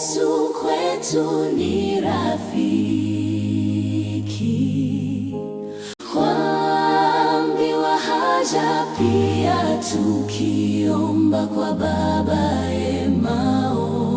Yesu kwetu ni rafiki, kuambiwa haja pia tukiomba kwa Baba Emao